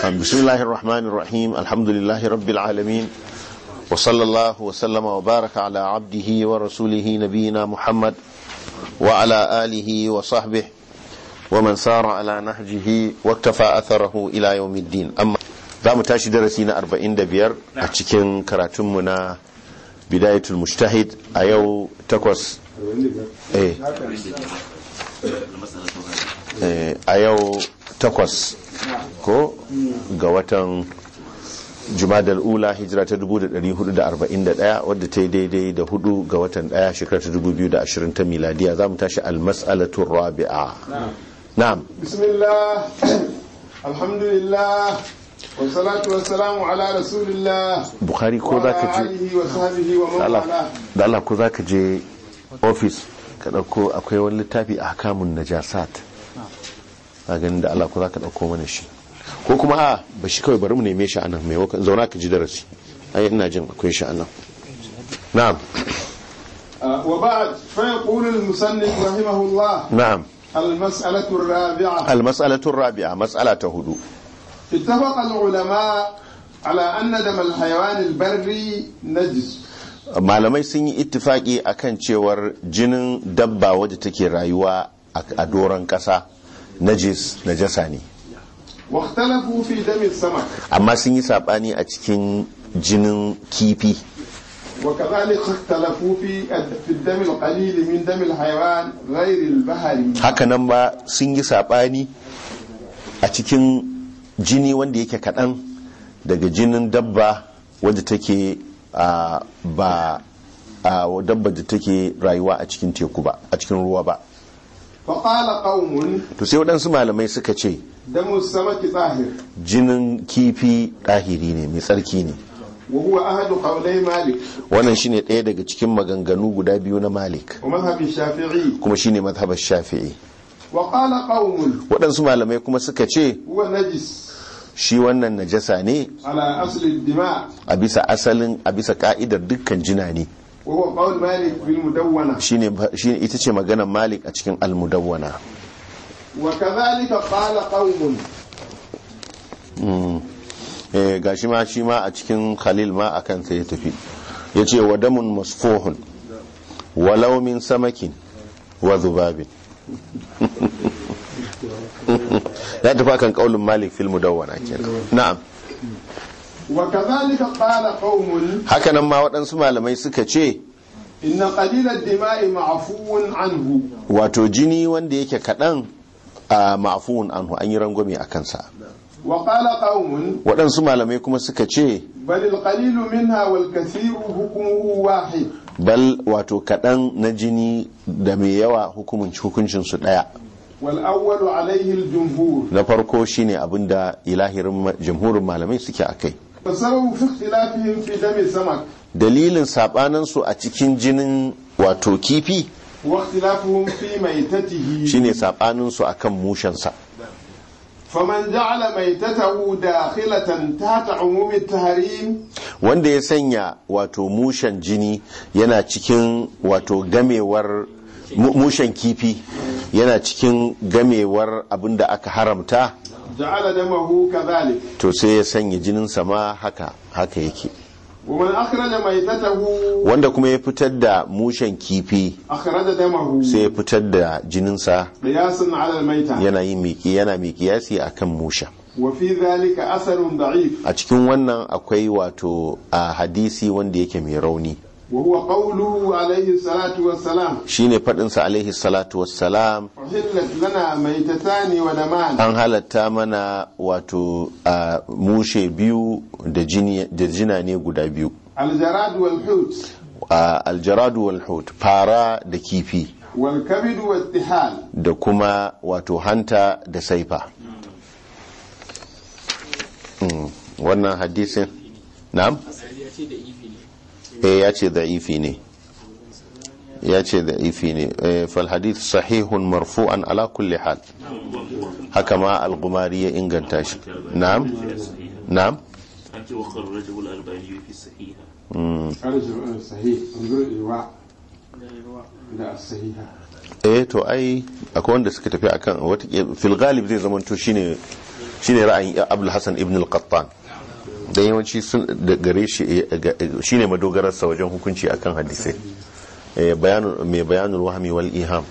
بسم الله الرحمن الرحيم الحمد لله رب العالمين وصلى الله وسلم وبارك على عبده ورسوله نبينا محمد وعلى آله وصحبه ومن سار على نهجه واكتفى أثره إلى يوم الدين أما za mu tashi darasi na 45 a cikin karatunmu na bidayatul mujtahid a yau takwas a yau takwas ko ga watan jumadal ula hijira ta 1441 wadda ta yi daidai da hudu ga watan daya shekara ta 2020 ta miladiya za mu tashi almas'alatu rabi'a na'am bismillah alhamdulillah wasalatu wasalamu ala rasulillah bukhari ko za ka je da Allah ko za ka je ofis ka akwai wani littafi a kamun najasat a ganin da Allah ko ka ɗauko mana shi ko kuma a ba shi kawai bari mu neme shi anan mai wakan zauna ka ji darasi ai ina jin akwai shi anan na'am uh, wa ba'd fa yaqulu al-musannif rahimahullah na'am al-mas'alatu ar-rabi'a al-mas'alatu ar-rabi'a mas'ala ta hudu ittafaqa al-ulama ala anna dam al-hayawan al-barri najis malamai sun yi ittifaki akan cewar jinin dabba wadda take rayuwa a doron kasa najis najasa ne amma sun yi saɓani a cikin jinin kifi haka nan ba sun yi sabani a cikin jini wanda yake kadan daga jinin dabba wadda take ba dabba da take rayuwa a cikin teku ba a cikin ruwa ba faƙala ƙaumun to sai waɗansu malamai suka ce damu samaki tsahir jinin kifi ɗahiri ne mai tsarki ne wahuwa ahadu ƙaunai malik wannan shi ne ɗaya daga cikin maganganu guda biyu na malik kuma shi ne mazhabar shafi'i waƙala ƙaumun waɗansu malamai kuma suka ce huwa najis shi wannan najasa ne a bisa asalin a bisa ka'idar dukkan jina ne wa قول مالك في المدونة شيني شيني إتشي ga shi ma shi ma a cikin khalil ma a kansa ya tafi ya ce wa damun masfohun walaumin samakin wa zubabin ya tafi kan kaulin malik fil mudawwana kenan na'am wa kazalika hakanan ma waɗansu malamai suka ce inna qalilad dima'i ma'fuun anhu wato jini wanda yake kaɗan ma'fuun anhu an yi rangwame a kansa wa waɗansu malamai kuma suka ce balil minha wal kathiru bal wato kaɗan na jini da mai yawa hukuncin su ɗaya والأول عليه الجمهور na farko shine abinda ilahirin jamhurin malamai suke a kai. dalilin saɓaninsu su a cikin jinin wato kifi wa ikhtilafuhum fi maitatihi shine sabanin su akan mushen sa faman ja'ala maitatahu dakhilatan tahta umumi tahrim wanda ya sanya wato mushen jini yana cikin wato gamewar mushen kifi yana cikin gamewar abin da aka haramta ja'ala damahu kadhalik to sai ya sanya jinin sama haka haka yake wanda kuma ya fitar da mushen kifi sai ya fitar da jininsa قياسا yana miki yana miki yasi akan musha a cikin wannan akwai wato a hadisi wanda yake mai rauni وهو قوله عليه الصلاة والسلام شيني فتنس عليه الصلاة والسلام أحلت لنا ميتتان ودمان أن هل التامنا واتو موشي بيو دجناني قدا بيو الجراد والحوت الجراد والحوت فارا دكيفي والكبد والتحال دكما واتو هانتا دسيفا wannan hadisin na'am eh ya ce da'ifi ne ya ce da'ifi ne eh, fal hadith sahihun marfu'an ala kulli hal haka ma al-gumari ya inganta shi na'am na'am mm. eh to ai akwai wanda suka tafi akan wata fil galib zai zamanto shine shine ra'ayin abul hasan ibn al-qattan da yawanci da gare shi eh, ne madogararsa wajen hukunci akan hadisai eh, mai bayanul wahami wal iham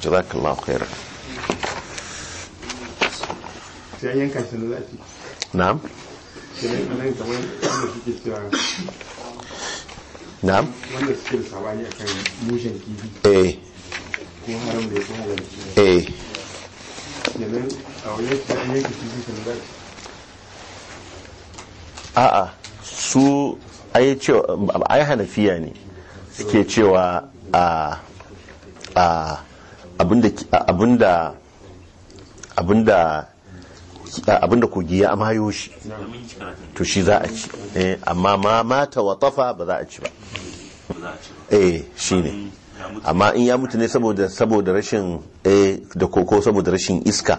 jazakallahu khairan na'am wanda suke da sabani eh. a wajen a'a su ai hanafiya ne suke cewa a abinda abinda abinda kogi ya amayo shi to shi za a ci eh, amma ma mata wa tafa ba za a ci ba eh shi ne amma in ya mutu ne saboda rashin eh da koko saboda rashin iska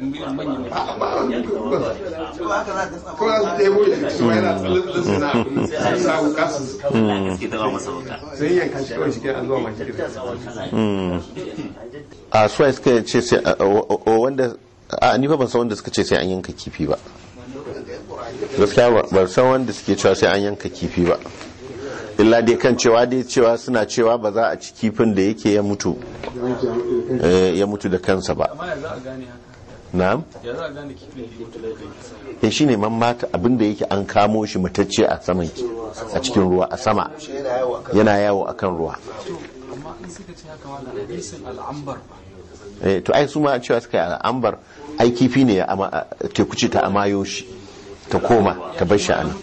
kawai hmm. su ɗebo ya su sai su a suwa suka ce sai wanda a ni fa ban san wanda suka ce sai an yanka kifi ba gaskiya ban san wanda suke cewa sai an yanka kifi ba illa dai kan cewa dai cewa suna cewa ba za a ci kifin da yake ya mutu eh, ya mutu da kansa ba na'am ya e, shi ne man mata abinda yake an kamo shi matacce a saman a cikin ruwa a sama yana yawo a kan ruwa to eh, ai su ma cewa suka yi al'ambar ai kifi ne teku ce ta amayo shi ta koma ta bar shi anan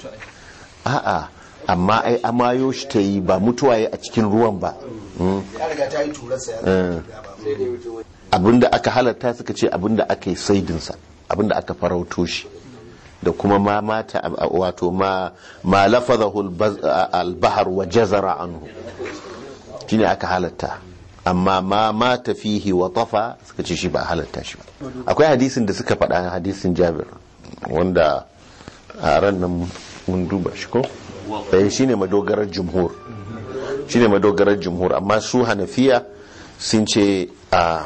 a'a amma ai amayo shi ta yi ba mutuwa a cikin ruwan ba hmm? ya riga ta yi turarsa ya eh. abinda aka halarta suka ce abinda aka yi saidinsa abinda aka farauto shi da kuma ma mata wato ma ma albahar wa jazara anhu shine aka halatta amma ma mata fihi wa tafa suka ce shi ba halatta shi ba akwai hadisin da suka faɗa hadisin Jabir wanda a ran nan mun duba shi ko eh shine madogarar jumhur shine madogarar jumhur amma su Hanafiya sun ce a ah,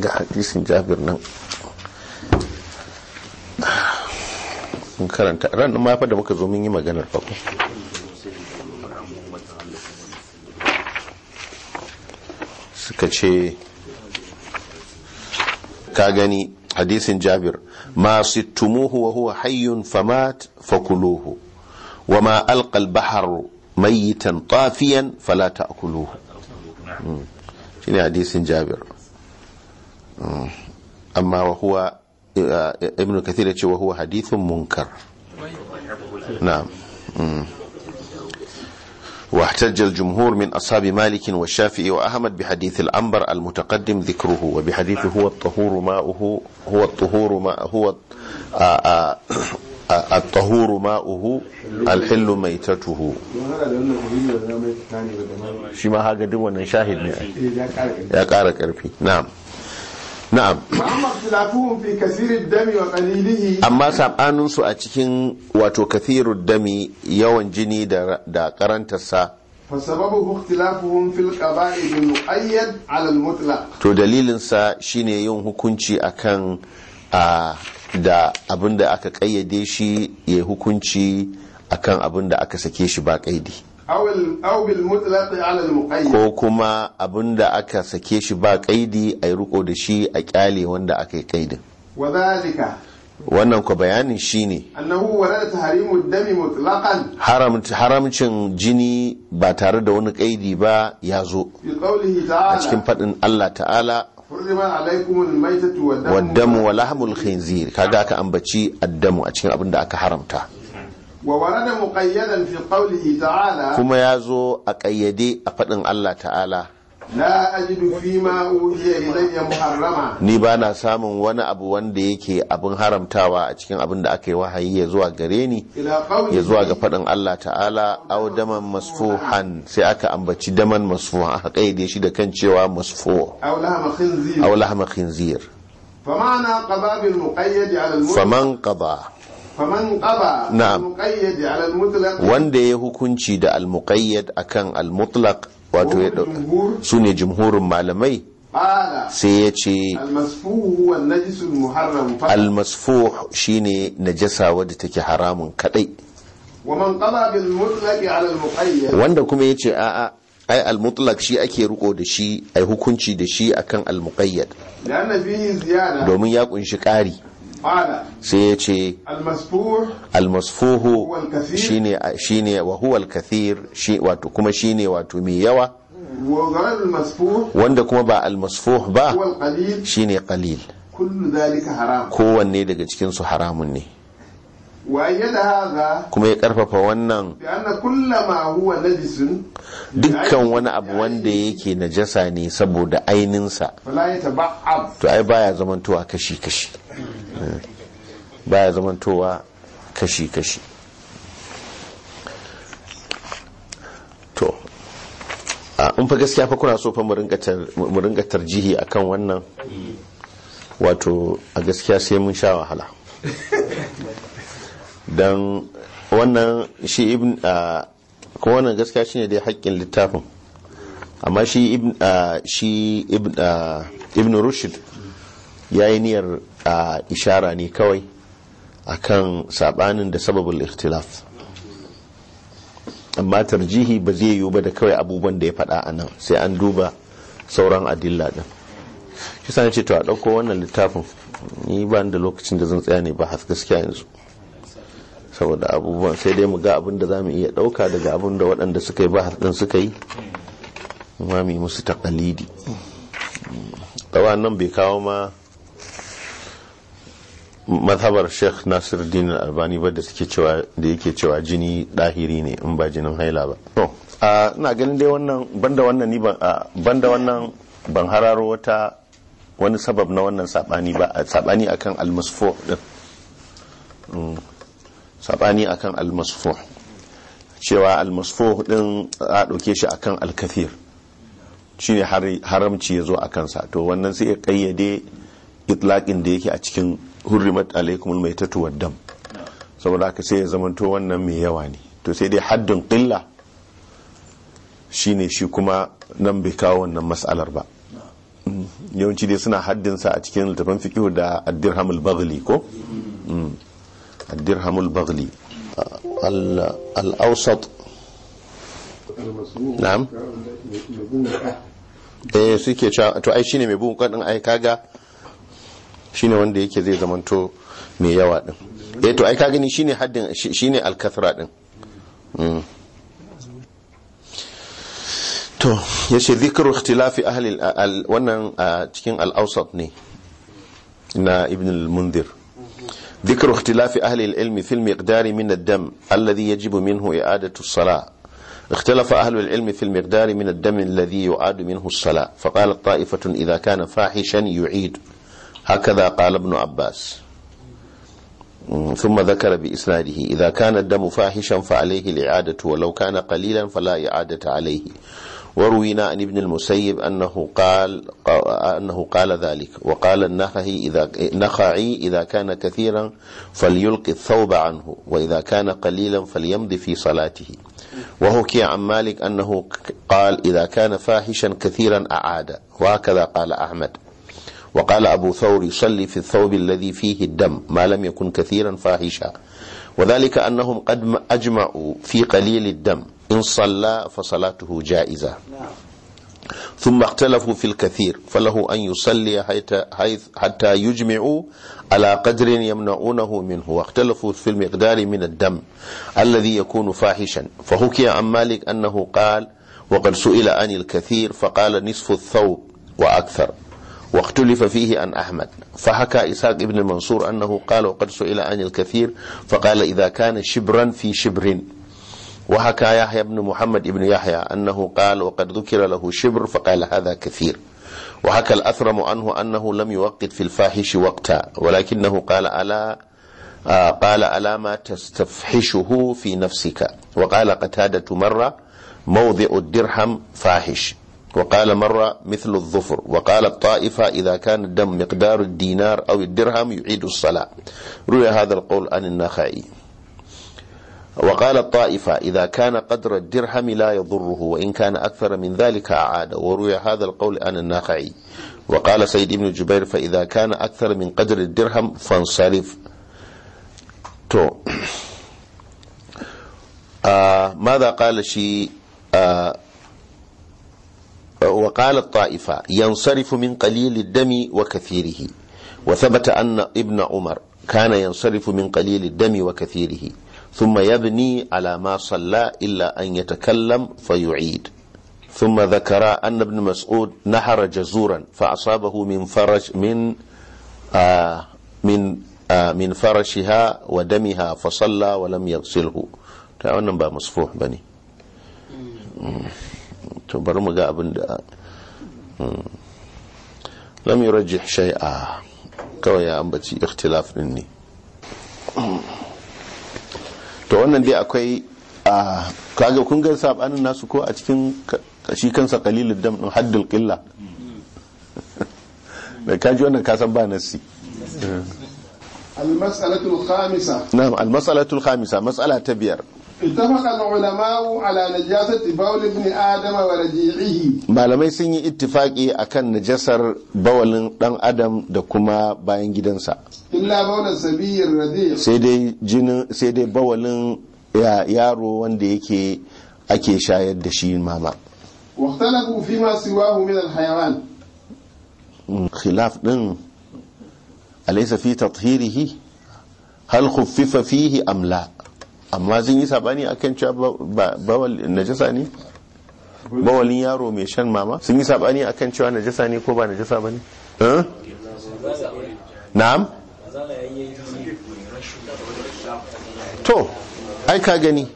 ga hadisin jabir nan mun karanta ran ma fa da muka zo mun yi maganar fa ko suka ce ka gani hadisin jabir ma sittumuhu wa huwa hayyun famat fakuluhu wa ma alqa al-bahr mayitan tafiyan fala ta'kuluhu hmm. shine hadisin jabir amma wa huwa ibn kathir ya ce wa huwa hadithun munkar na'am واحتج الجمهور من أصحاب مالك والشافعي وأحمد بحديث الأنبر المتقدم ذكره وبحديث هو الطهور ماؤه هو الطهور ماء هو الطهور ماؤه الحل ميتته شي ما هاجدين wannan shahid ne ya ƙara ƙarfi na'am na'am amma saɓaninsu su a cikin wato kathirud dami yawan jini da da karantarsa فسببه اختلافهم في القبائل to dalilin sa shine yin hukunci akan da abinda aka kayyade shi ya hukunci akan abinda aka sake shi ba kaidi ko kuma abin da aka sake shi ba kaidi a yi riko da shi a kyale wanda aka yi kaidin wannan ku bayanin shi ne haramcin jini ba tare da wani kaidi ba ya zo a cikin faɗin allah ta'ala waddamu wa lahamul khinzir kaga ka ambaci addamu a cikin abin da aka haramta وورد مقيدا في قوله تعالى a يازو أقيدي أفدن الله تعالى la ajidu fima uhiya ilayya muharrama ni ba na samun wani abu wanda yake abin haramtawa a cikin abin da aka yi wahayi ya zuwa gare ni ya zuwa ga faɗin Allah ta'ala au daman masfuhan sai aka ambaci daman masfuhan aka da shi da kan cewa masfu au lahama khinzir faman qaba na'am wanda ya hukunci da al-muqayyad akan al-mutlaq wato ya dauka malamai sai ya ce al shi ne najasa wadda take haramun kadai wanda kuma ya ce a'a ai al shi ake riko da shi ai hukunci da shi akan almuqayyad domin ya kunshi ƙari sai ya ce almasfuhu shi ne wa kathir kuma shi wato mai yawa wanda kuma ba almasfuhu ba shi ne kalil kowanne daga cikinsu haramun ne kuma ya karfafa wannan dukkan wani abu wanda yake najasa ne saboda aininsa to ai baya zamantowa kashi-kashi hmm. baya zamantowa kashi-kashi to in fa gaskiya fa kuna so fa mu ringa tarjihi akan wannan hmm. wato a gaskiya sai mun sha wahala don wannan shi ibn ko wannan gaskiya shine dai haƙƙin littafin amma shi ibn shi ibn rushd ya yi niyyar ishara ne kawai akan sabanin da sababul ikhtilaf amma tarjihi ba zai yiwu ba da kawai abubuwan da ya faɗa a nan sai an duba sauran adilla din shi sani ce to a ɗauko wannan littafin ni ba da lokacin da zan tsaya ne ba gaskiya yanzu saboda abubuwan sai dai mu ga abin da za mu iya ɗauka daga abin da waɗanda suka yi ba ɗin suka yi ma mu musu takalidi ɗawa nan bai kawo ma mazhabar sheikh nasir din albani ba da suke cewa da yake cewa jini ɗahiri ne in ba jinin haila ba to ina ganin dai wannan banda wannan ni banda wannan ban hararo wata wani sabab na wannan sabani ba sabani akan almusfo din mm. sabani akan almasfuh cewa almasfuh din a dauke shi akan alkathir shine haramci ya zo a kansa to wannan sai ya kayyade itlaqin da yake a cikin hurrimat alaikumul maitatu tuwa dam saboda haka sai ya zamanto wannan mai yawa ne to sai dai haddin qilla shine shi kuma nan bai kawo wannan mas'alar ba yawanci dai suna haddinsa a cikin littafin fikihu da addirhamul baghli ko mm. الدرهم البغلي الأوسط na'am eh suke to ai shine mai bugun kwadin ai kaga shine wanda yake zai zamanto mai yawa din eh to ai ka gani shine haddin shine alkathra din to yace dhikru ikhtilafi ahli wannan cikin al-awsat ne na ibn al-mundhir ذكر اختلاف أهل العلم في المقدار من الدم الذي يجب منه إعادة الصلاة اختلف أهل العلم في المقدار من الدم الذي يعاد منه الصلاة فقال طائفة إذا كان فاحشا يعيد هكذا قال ابن عباس ثم ذكر بإسناده إذا كان الدم فاحشا فعليه الإعادة ولو كان قليلا فلا إعادة عليه وروينا عن ابن المسيب أنه قال أنه قال ذلك وقال النخعي إذا نخعي إذا كان كثيرا فليلقي الثوب عنه وإذا كان قليلا فليمضي في صلاته وحكي عن مالك أنه قال إذا كان فاحشا كثيرا أعاد وهكذا قال أحمد وقال أبو ثور يصلي في الثوب الذي فيه الدم ما لم يكن كثيرا فاحشا وذلك أنهم قد أجمعوا في قليل الدم إن صلى فصلاته جائزة ثم اختلفوا في الكثير فله أن يصلي حيث حتى يجمعوا على قدر يمنعونه منه واختلفوا في المقدار من الدم الذي يكون فاحشا فحكي عن مالك أنه قال وقد سئل عن الكثير فقال نصف الثوب وأكثر واختلف فيه عن أحمد فحكى إسحاق بن منصور أنه قال وقد سئل عن الكثير فقال إذا كان شبرا في شبر وحكى يحيى بن محمد بن يحيى أنه قال وقد ذكر له شبر فقال هذا كثير وحكى الأثرم عنه أنه لم يوقت في الفاحش وقتا ولكنه قال ألا آه، قال ألا ما تستفحشه في نفسك وقال قتادة مرة موضع الدرهم فاحش وقال مرة مثل الظفر وقال الطائفة إذا كان الدم مقدار الدينار أو الدرهم يعيد الصلاة روي هذا القول عن النخعي وقال الطائفة إذا كان قدر الدرهم لا يضره وإن كان أكثر من ذلك أعاد وروي هذا القول عن الناخعي وقال سيد ابن جبير فإذا كان أكثر من قدر الدرهم فانصرف تو آه ماذا قال شي آه وقال الطائفة ينصرف من قليل الدم وكثيره وثبت أن ابن عمر كان ينصرف من قليل الدم وكثيره ثم يبني على ما صلى إلا أن يتكلم فيعيد ثم ذكر أن ابن مسعود نحر جزورا فأصابه من فرج من آه من آه من فرشها ودمها فصلى ولم يغسله تعاون با مصفوح بني تبرم جاء ابن لم يرجح شيئا كويا أنبتي اختلاف مني to wannan dai akwai a kaga kun ga sabanin nasu ko a cikin shi kansa qalilud dam din haddul qilla da kaji wannan kasan ba nasi al الخامسة masala ta biyar. مسألة تبير اتفق العلماء على نجاسة بول ابن آدم ورجيعه malamai sun yi ittifaki akan najasar bawalin dan adam da kuma bayan gidansa illa bawlan sabiyyir radi sai dai jinin sai dai bawalin yaro wanda yake ake shayar da shi mama واختلفوا فيما سواه من alhayawan mm, khilaf din أليس fi تطهيره هل خفف fihi أم لا amma sun yi sabani akan cewa bawal najasa ne bawalin yaro mai shan mama sun yi sabani akan cewa najasa ne ko ba najasa bane na'am to ai ka gani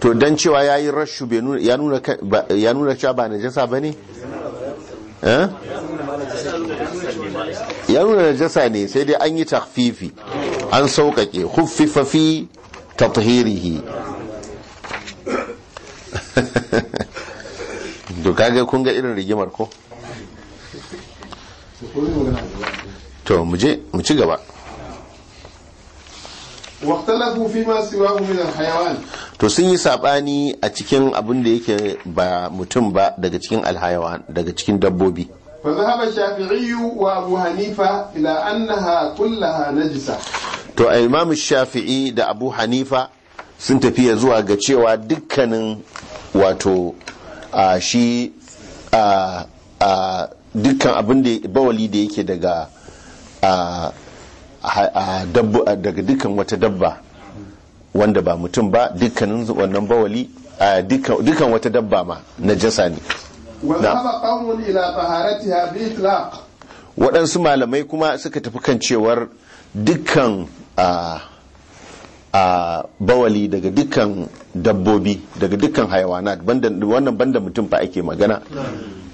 to don cewa ya yi rashu ya nuna ya nuna cewa ba najasa ba ne? Eh? ya nuna najasa ne sai dai an yi tafifi an sauƙaƙe hufifafi ta tahirihi to kaga kun ga irin rigimar ko to mu je mu ci gaba واختلفوا فيما سواه من الحيوان to sun yi sabani a cikin abin da yake ba mutum ba daga cikin alhayawan daga cikin dabbobi fa zahaba shafi'i wa abu hanifa ila annaha kullaha najisa to imam shafi'i da abu hanifa sun tafiya zuwa ga cewa dukkanin wato a shi a dukkan abin da bawali da yake daga a daga dukkan wata dabba wanda ba mutum ba dukkanin wannan bawali dukkan wata dabba ma na jasa ne waɗansu malamai kuma suka tafi kan cewar dukkan a bawali daga dukkan dabbobi daga dukkan hayawanat wannan banda mutum fa ake magana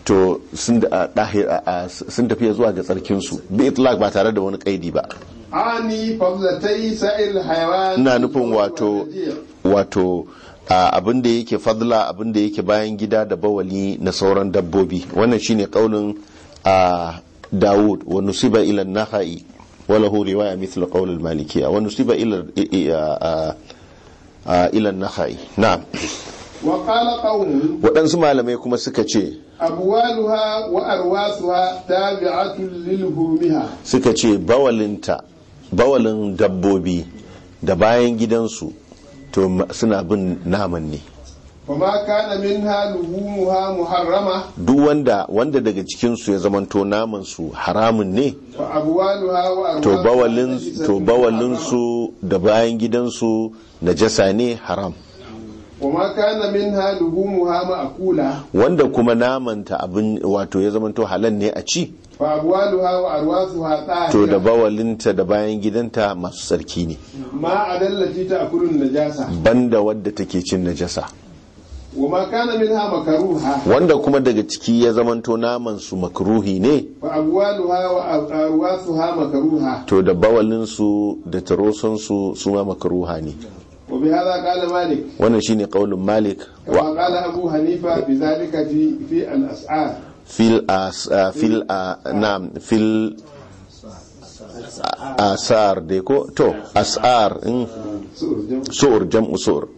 to sun tafiya zuwa ga tsarkinsu bi itlaq ba tare da wani kaidi ba ani fadlatai sa'il hayawan ina nufin wato wato abin da yake fadla abin da yake bayan gida da bawali na sauran dabbobi wannan shine kaulin a Dawud wa nusiba ila nahai وله رواية مثل قول المالكية ونسب إلى إلى النخعي نعم وقال قول ودن سما لمي كما suka ce abwaluha wa arwasuha tabi'atu lilhumiha suka ce bawalinta bawalin dabbobi da bayan gidansu to suna bin naman ne fama kana minha mu muharrama duk wanda wanda daga cikin su ya zamanto naman su haramun ne to bawalin to bawalin su da bayan gidan su najasa ne haram wama kana minha mu ma'kula wanda kuma naman ta abin wato ya zamanto halal ne a ci to da bawalinta da bayan gidanta masu tsarki ne ma adallati ta akulun najasa banda wadda take cin najasa wanda kuma daga ciki ya zamanto naman su makaruhi ne to da bawalinsu da tarosansu su ma makruha ne wannan shi ne ƙaunin malik wa ƙala abu hanifa bi zalika fi fil asar fil nam fil asar dai ko to asar hmm? Su'ur jam'u su'ur.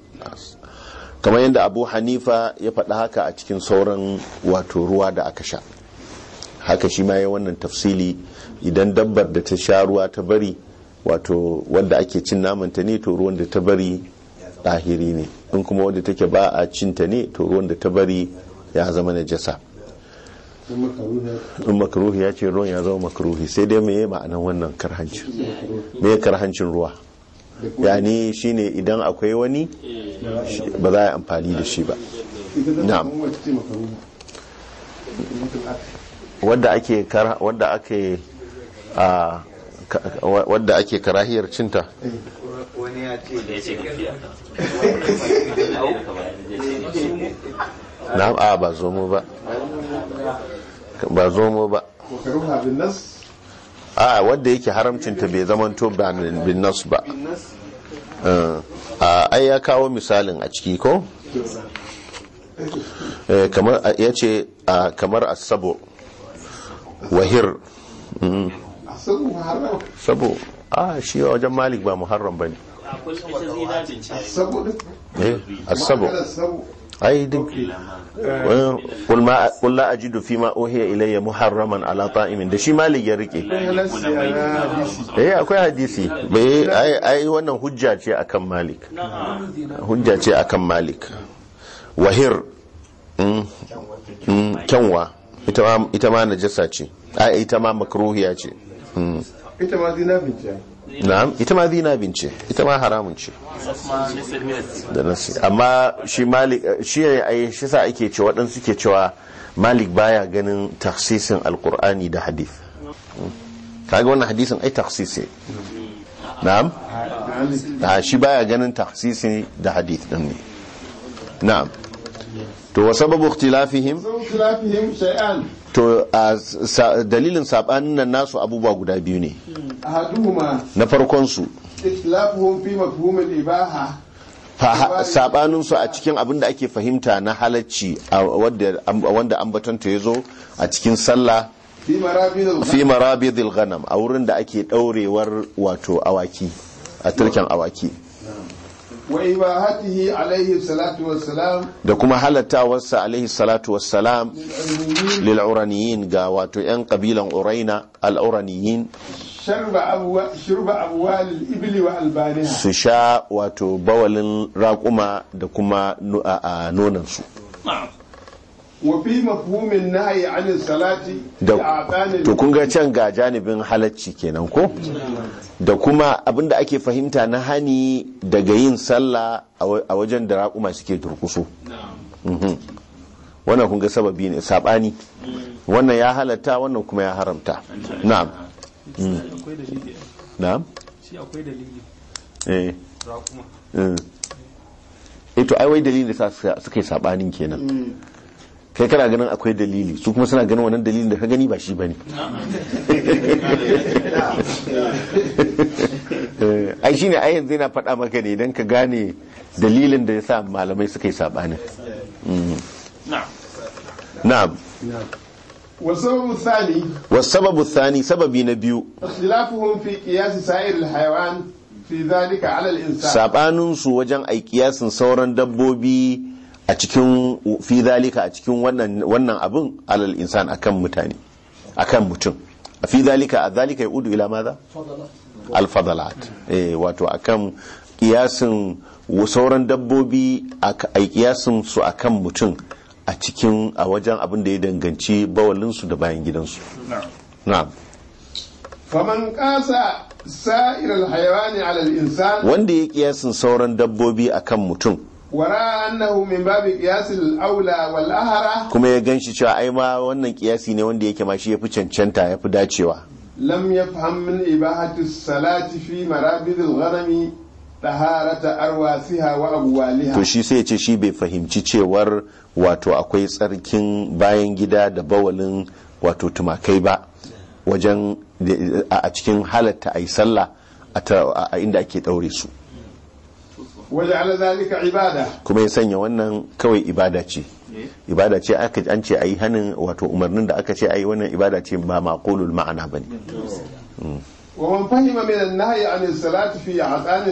kamar yadda abu hanifa ya faɗa haka a cikin sauran wato ruwa da aka sha haka shi ma ya wannan tafsili idan dabbar da ta sha ruwa ta bari wato wanda ake cin naman ta ne to ruwan da ta bari ɗahiri ne in kuma wanda take ba a cinta ne to ruwan da ta bari ya zama na jasa in makaruhi ya ce ruwan ya zama makaruhi sai dai me ma'anan wannan karhancin me karhancin ruwa yani shine idan akwai wani ba za a yi amfani da shi ba na'am wadda ake wadda ake a wadda ake karahiyar cinta wani ya ce da ce na'am a ba zo mu ba ba zo mu ba a ah, wanda yake haramcinta bai zamanto bin nas ba a ah, ah, ai ya kawo misalin a ciki ko eh, kamar ya ce kamar a sabo wahir hmm. sabo a shi wajen malik ba muharram ba ne A eh, sabo. ai duk eh, qul la ajidu fi ma uhiya ilayya muharraman ala ta'imin da shi malik ya rike eh akwai hadisi ai wannan hujja ce akan malik hujja ce akan malik wahir mm, mm, kyanwa ita ma najasa ce ai ita ma makruhiya ce mm. ita ma zina ce. na'am ita ma zina bince ita ma haramun ce amma shi malik shi ai shi sa ake cewa dan suke cewa malik baya ganin taksisin alqur'ani da hadith kaga wannan hadisin ai taksisi na'am ah, shi baya ganin taksisi da hadith din ne na'am to wa sababu ikhtilafihim to dalilin sabanin nan nasu abubuwa guda biyu ne hmm, na farkon su sabanin su a cikin abin da ake fahimta na halacci wanda ambatonta ya zo a cikin sallah fi marabidil ghanam a wurin da ake daurewar wato awaki a turken awaki da kuma halattawarsa alaihi salatu wassalam lil'uraniyin ga wato yan kabilan uraina al'uraniyin su sha wato bawalin raƙuma da kuma nonan su da to kun ga can ga janibin halacci kenan ko da kuma abinda ake fahimta na hani daga yin sallah a wajen da raƙuma suke turkusu mhm. wannan kun ga sababi ne sabani mm. wannan ya halatta wannan kuma ya haramta na'am mm. na'am eh. Mm. eh to ai wai dalilin da suka yi sabanin kenan kai kana ganin akwai dalili su kuma suna ganin wannan dalilin da ka gani ba shi ba ne eh, ai shine ai yanzu yana faɗa maka ne idan ka gane dalilin da ya sa malamai suka yi sani. Mm. wasu sababu sani sababi na biyu ikhtilafuhum fi qiyas sa'ir al-hayawan fi dhalika 'ala al-insan sabanin su wajen ai kiyasin sauran dabbobi a cikin fi zalika a cikin wannan abin alal insan akan mutane akan mutum a fi zalika a zalika ya udu ila maza alfadalat eh, wato akan kiyasin sauran dabbobi a kiyasin su akan mutum a cikin a wajen abin da ya danganci bawalinsu da bayan gidansu na'am faman kasa sa'ir alhayawani alal insan wanda ya kiyasin sauran dabbobi akan mutum wara annahu min babi qiyasil aula wal kuma ya ganshi cewa ai ma wannan kiyasi ne wanda yake ma shi yafi cancanta yafi dacewa lam yafham min ibahati salati fi marabid al ghanami taharata arwasiha wa abwaliha to shi sai ya ce shi bai fahimci cewar wato akwai tsarkin bayan gida da bawalin wato tumakai ba wajen a cikin halatta yi sallah a inda ake daure su zalika ibada kuma ya sanya wannan kawai ibada ce eh. ibada ce an ce ayi hanin wato umarnin da aka ce ayi wannan ibada ce ba maqulul ma'ana bane ne فهم من النهي عن الصلاة في عطان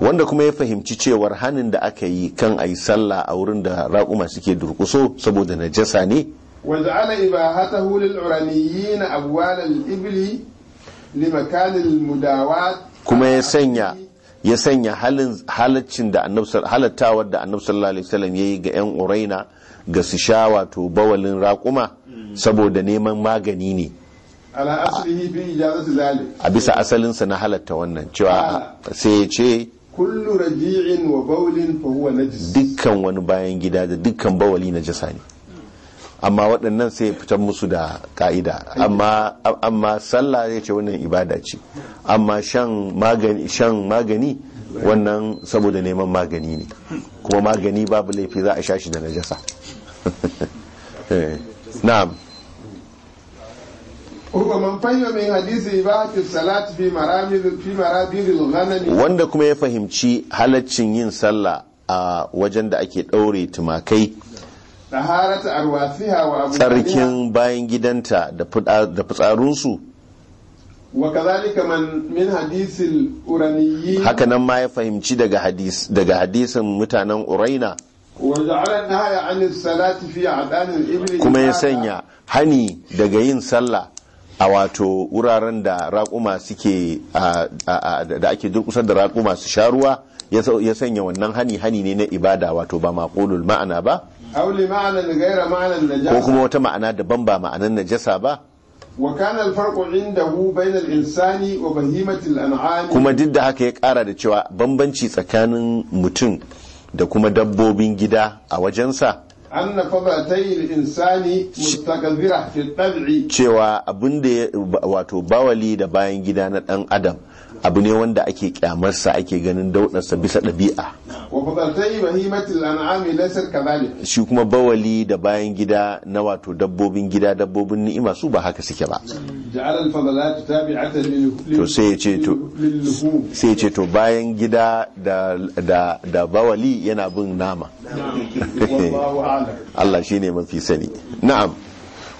wanda kuma ya fahimci cewar hanin da aka yi kan ayi sallah a wurin da raƙuma suke durkuso saboda najasa ne waja'ala ibahatahu lil uraniyyin abwal al ibli li makan al mudawat kuma ya sanya ya sanya halaccin da halattawar da annabi sallallahu alaihi yayi ga yan uraina ga su sha wato bawalin raƙuma saboda neman magani ne a bisa asalinsa na halatta wannan cewa sai ya ce kullu raji'in wa bawlin fa huwa najis dukkan wani bayan gida da dukkan bawali najasa ne amma waɗannan sai fitar musu da ka'ida amma sallah ya ce wannan ibada ce amma shan magani shan wannan saboda neman magani ne kuma magani babu laifi za a sha shi da najasa eh, na'am wanda kuma ya fahimci halaccin yin sallah a wajen da ake ɗaure tumakai tsarkin bayan gidanta da fitsarunsu haka nan ma ya fahimci daga hadisin mutanen uraina kuma ya sanya hani daga yin sallah a wato wuraren da raƙuma suke da ake durkusar da raƙuma su sha ruwa ya sanya wannan hani hani ne na ibada wato ba maƙulul ma'ana ba ko kuma wata ma'ana daban ba ma'anan najasa ba insani wa kuma duk da haka ya kara da cewa bambanci tsakanin mutum da kuma dabbobin gida a wajensa anna fadatai al-insani fi cewa abin da wato bawali da bayan gida na dan adam abu ne wanda ake kyamarsa ake ganin daudarsa bisa ɗabi'a wa fadaltai bahimatil an'ami laysat kadhalik shi kuma bawali da bayan gida na wato dabbobin gida dabbobin ni'ima su ba haka suke ba ja'al al-fadalat tabi'atan to sai ce to sai ya ce to bayan gida da da bawali yana bin nama Allah shi ne mafi sani na'am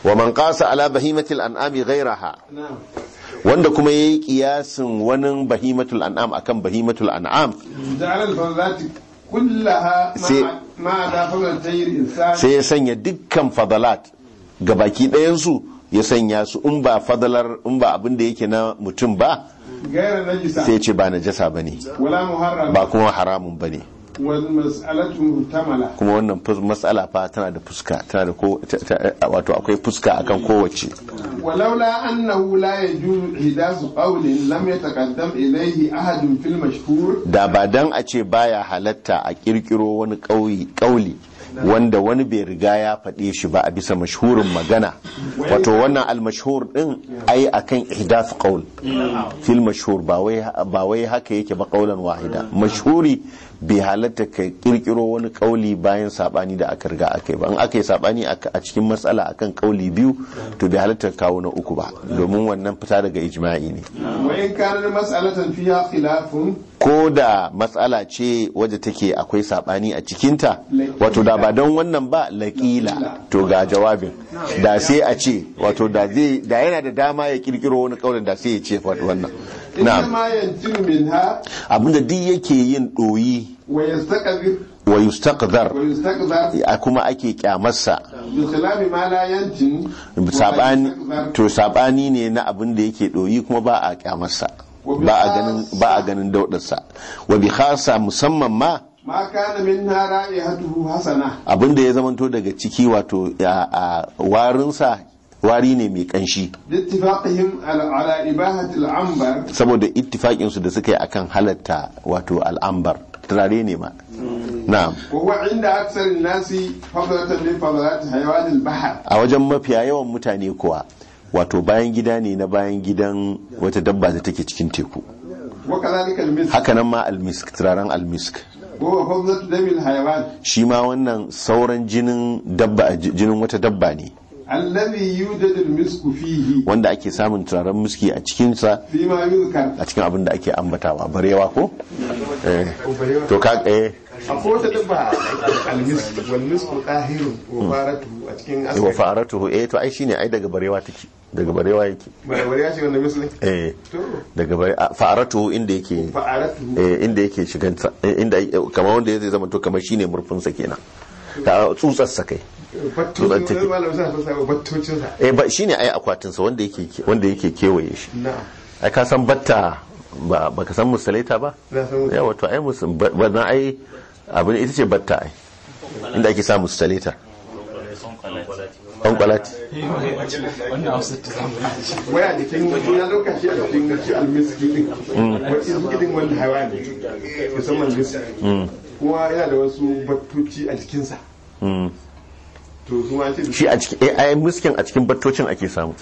wa man qasa ala bahimatil an'ami ghayraha na'am wanda kuma ya yi kiyasin wani bahimatul an'am akan bahimatul an'am sai ya sanya dukkan fadalat ga baki ɗayansu ya sanya su in ba fadalar in ba abin da yake na mutum ba sai ce ba na jasa ba ne, ba kuma haramun ba ne. kuma wannan matsala fa tana da fuska tana da wato akwai fuska akan kowace walaula annahu la yajuzu hidasu qawlin lam yataqaddam ilayhi ahadun fil mashhur da ba dan a ce baya halatta a kirkiro wani kauli wanda wani bai riga ya faɗe shi ba a bisa mashhurin magana wato wannan almashhur din ai akan ihdath qawl fil mashhur ba wai haka yake ba qawlan wahida mashhuri bai halatta ka kirkiro wani kauli bayan sabani da aka riga aka yi ba in aka yi sabani a cikin matsala akan kauli biyu to bai halatta kawo na uku ba domin wannan fita daga ijma'i ne ko da matsala ce wadda take akwai sabani a cikinta wato da ba don wannan ba laƙila to ga jawabin da sai a ce wato da yana da dama ya kirkiro wani kaulin da sai ya ce wannan nam abinda duk yake yin doyi wa yustaqdar kuma ake kyamarsa to sabani ne na abin da yake doyi kuma ba a kyamarsa ba a ganin ba a ganin daudarsa wa bi khasa musamman ma ma kana min hasana abinda ya zamanto daga ciki wato a warinsa wari ne mai kanshi saboda ittifakin su da suka yi akan halatta wato al'ambar turare ne ma hmm. na'am inda aksar nasi fadlatan ne, fadlat hayawanin bahar a wajen mafiya yawan mutane kuwa wato bayan gida ne na bayan gidan wata dabba da take cikin teku hakanan ma almisk turaren almisk shi ma wannan sauran jinin wata dabba ne allazi yujadul misku fihi wanda ake samun turaren miski a cikin sa a cikin abin da ake ambatawa barewa ko eh to ka eh a kota din ba almisku wal misku qahirun wa hmm. faratuhu a cikin asali wa faratuhu eh to ai shine ai daga barewa take daga barewa yake barewa ce wanda misli eh daga bare faratuhu inda yake faratuhu eh inda yake shigansa eh, inda eh, kamar wanda yake zama to kamar shine murfin sa kenan ta tsutsar sa kai tsutsar take eh ba shine ai akwatin sa wanda yake wanda yake kewaye shi ai ka san batta ba baka san musalaita ba ya wato ai musul ba na ai abin ita ce batta ai inda ake samu musalaita kwankwalati waya da kin wajen ya lokaci a cikin almiski din mm. wanda hawa ne musamman almiski mm. kuma yana da wasu battoci a jikinsa hmm. to shi a cikin eh, ai muskin a cikin battocin ake samu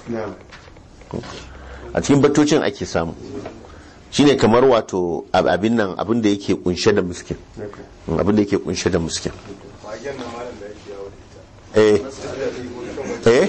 a cikin battocin ake samu shine kamar wato abin nan abin da yake kunshe da muskin hmm, abin da yake kunshe da muskin eh eh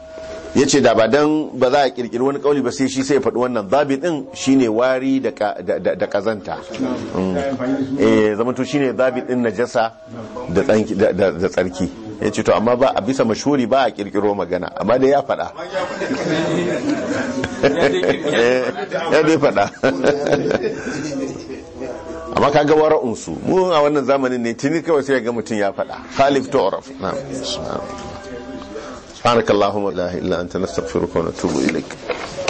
ya ce da ba don ba za a kirkiri wani kauli ba sai shi sai faɗi wannan zabi ɗin shine wari da ƙazanta mm. eh, zamanto shine zabi ɗin najasa da tsarki ya ce to amma ba a bisa mashuri ba a kirkiro magana amma da ya faɗa ya dai faɗa amma ka ga wara'unsu mu a wannan zamanin ne tuni kawai sai ga mutum ya faɗa khalif to سبحانك اللهم لا اله الا انت نستغفرك ونتوب اليك